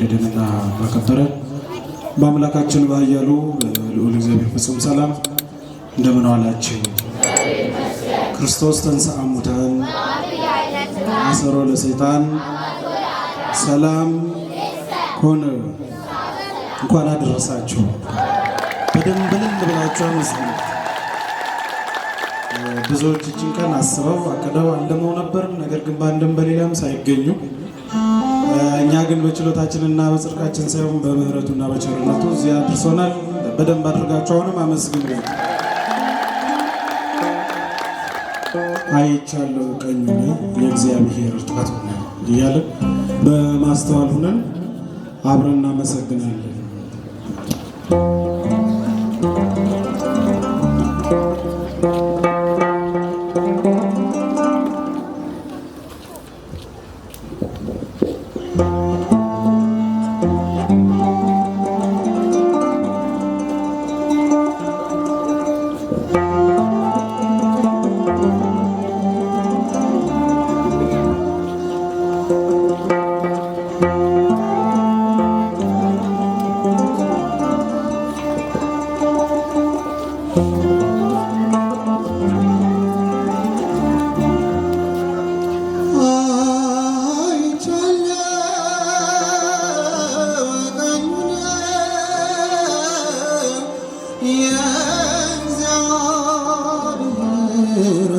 በወደደንና ባከበረን በአምላካችን ባያሉ በልዑል እግዚአብሔር ፍጹም ሰላም እንደምን ዋላችሁ። ክርስቶስ ተንሥአ እሙታን አሰሮ ለሰይጣን ሰላም ኮነ። እንኳን አደረሳችሁ። በደንብ ልል ብላችሁ አመስግኑ። ብዙዎች እችን ቀን አስበው አቅደው አልመው ነበር። ነገር ግን በአንድም በሌላም ሳይገኙ እኛ ግን በችሎታችንና በጽድቃችን ሳይሆን በምህረቱና በቸርነቱ እዚያ አድርሶናል። በደንብ አድርጋችሁ አሁንም አመስግኑ። አይቻለሁ ቀኙ የእግዚአብሔር ጣት እያለ በማስተዋል ሁነን አብረን እናመሰግናለን።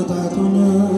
তা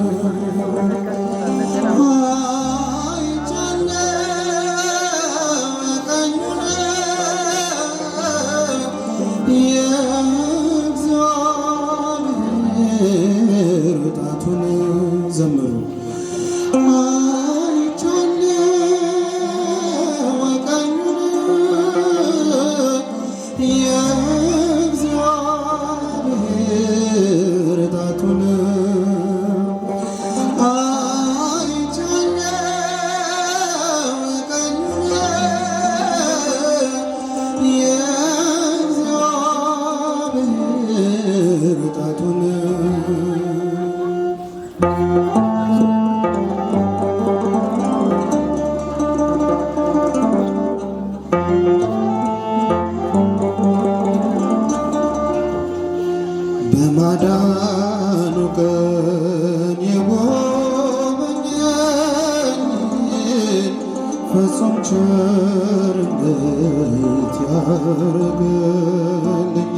መድኃኒት ያረገልኝ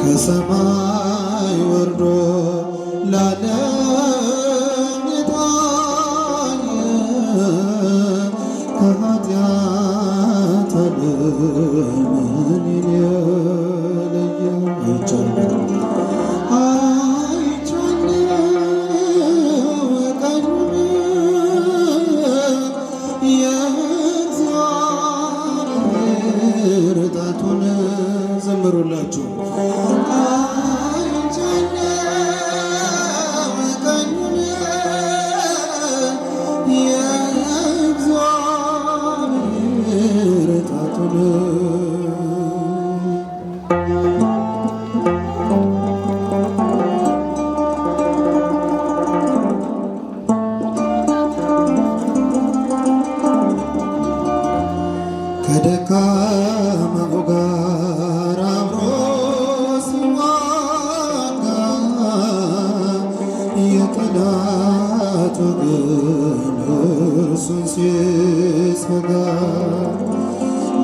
ከሰማይ ወርዶ ላለኝ ጣኝ ከኃጢአት ዘምሩላችሁ ጠላቱ ግን እርሱን ሲሰጋ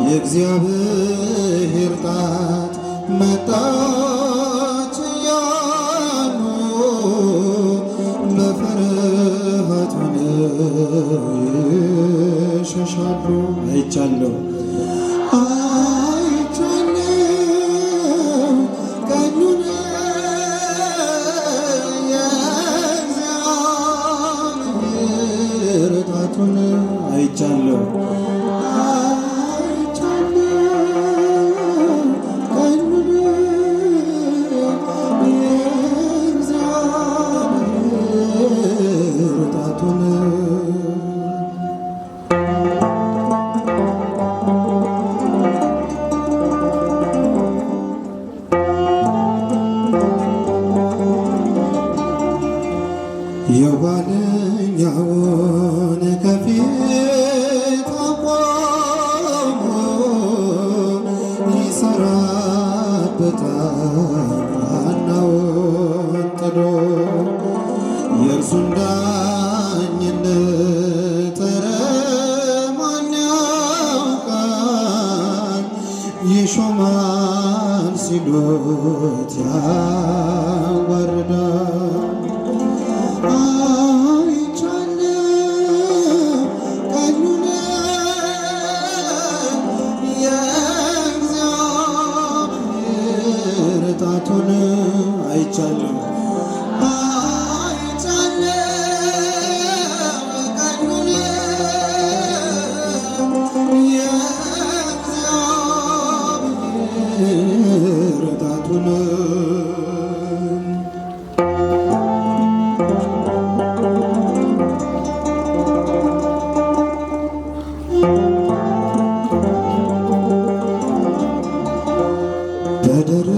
የእግዚአብሔር ጣት መጣች እያሉ በፍርሃት ሆነው ይሸሻሉ አይቻለሁ። መውጣቱን አይቻለሁ። ዋናውን ጥሎ የእርሱን ዳኝነት ማን ያውቃል ይሾማል ሲሉት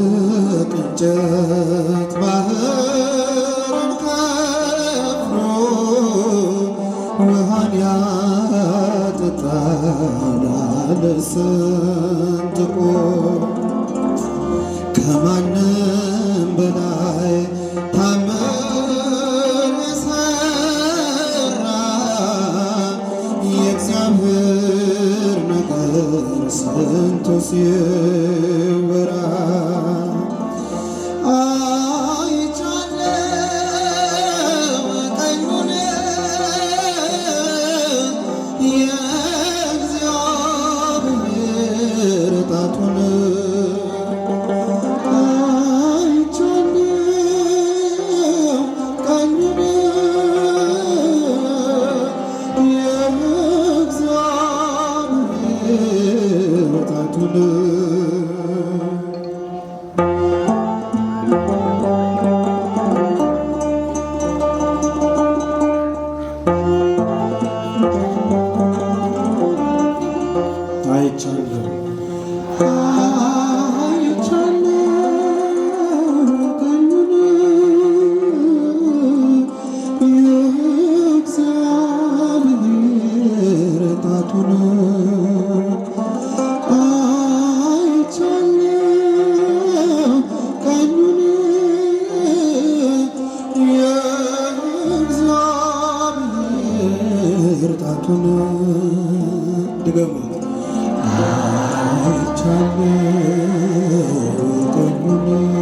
በደረቅ እንጨት ባህርን ከፍሎ ውሃን ያጠጣል ስንጥቆ ቻለ Tanrı, bu gönlümü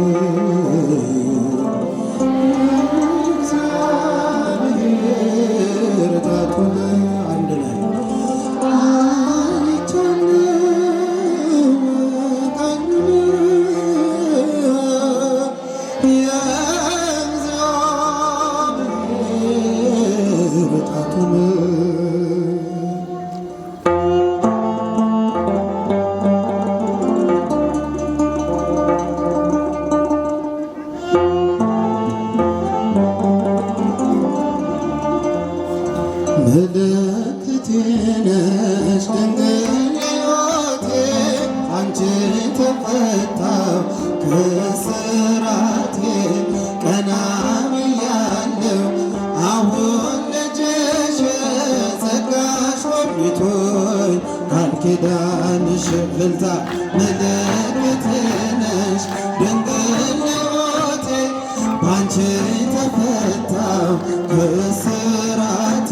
ተፈታው በስራቴ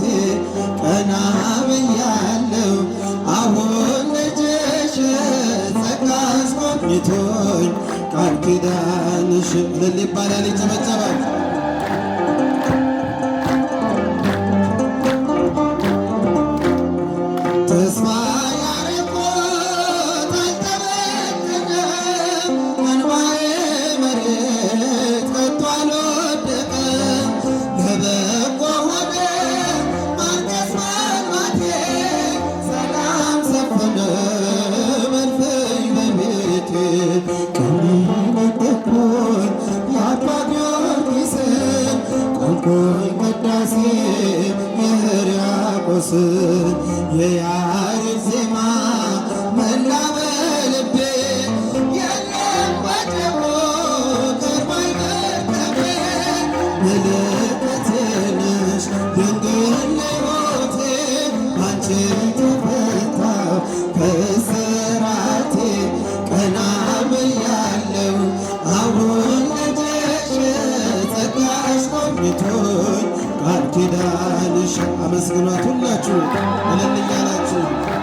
ቀና ብያለው አሁን ልጅሽ ጸጋ ቃል ኪዳንሽ ልል ይባላል የተፈታው ከስራቴ ቀና ብያለው አብሮኝ ነደሽ ጸጋሽ ሞልቶኝ ኪዳንሽ አመስግኗት ሁላችሁ እልል እያላችሁ